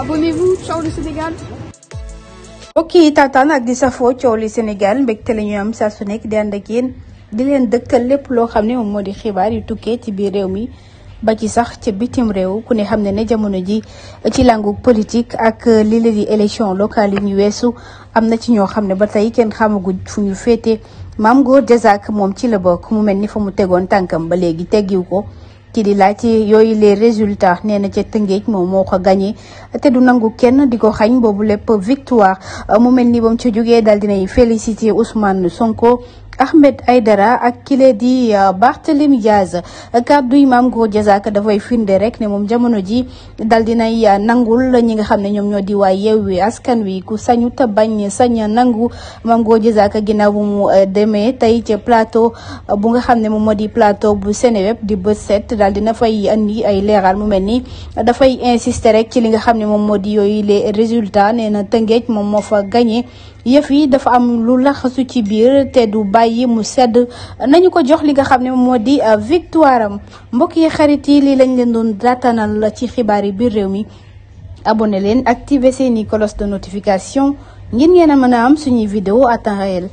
abonnez-vous yi taataan ak safoo coow li Sénégal mbégte la ñuy su nekk di ànd di leen dëkkal lépp loo xam ne moom moo di xibaar yu tukkee ci biir réew mi ba ci sax ca bitim réew ku ne xam ne ne jamono ji ci langu politik ak li la élection locale yi ñu weesu am na ci ñoo xam ne ba tey kenn xamaguñ fu ñu féete Mame Gor Diazaka moom ci la bokk mu mel ni fa mu tegoon tànkam ba léegi teggiw ko. ki di laaj yooyu les résultats nee na ca Tëngéej moom moo ko gagné te du nangu kenn di ko xañ boobu lépp victoire mu mel ni bam ca jógee daal dinay félicité Ousmane Sonko Ahmed dara ak kile di euh, Barthélémy Diaz kàdduy Mame Gor Diazaka dafay firnde rek ne moom jamono ji dal dinay euh, nangul ñi nga xam ne ñoom ñoo di waa Yewwi Askan Wi ku sañu te bañ sañ nangu Mame Gor Diazaka ginnaaw bu mu euh, demee tey ci plateau bu nga xam ne moom moo di plateau bu Seneweb di bët set daal dina fay andi ay leeral mu mel ni dafay insister rek ci li nga xam ne moom moo di yooyu les résultat nee na Tëngéej moom moo fa gagné yëf yi dafa am lu laxasu ci biir te du bàyyi mu sedd nañu ko jox li nga xamne modi victoire am mbokk yi xarit yi li lañ leen doon datanal ci xibaar yi biir réew mi abonné leen activer seeni cloche de notification ngir ngeen mëna am suñu vidéo à temps réel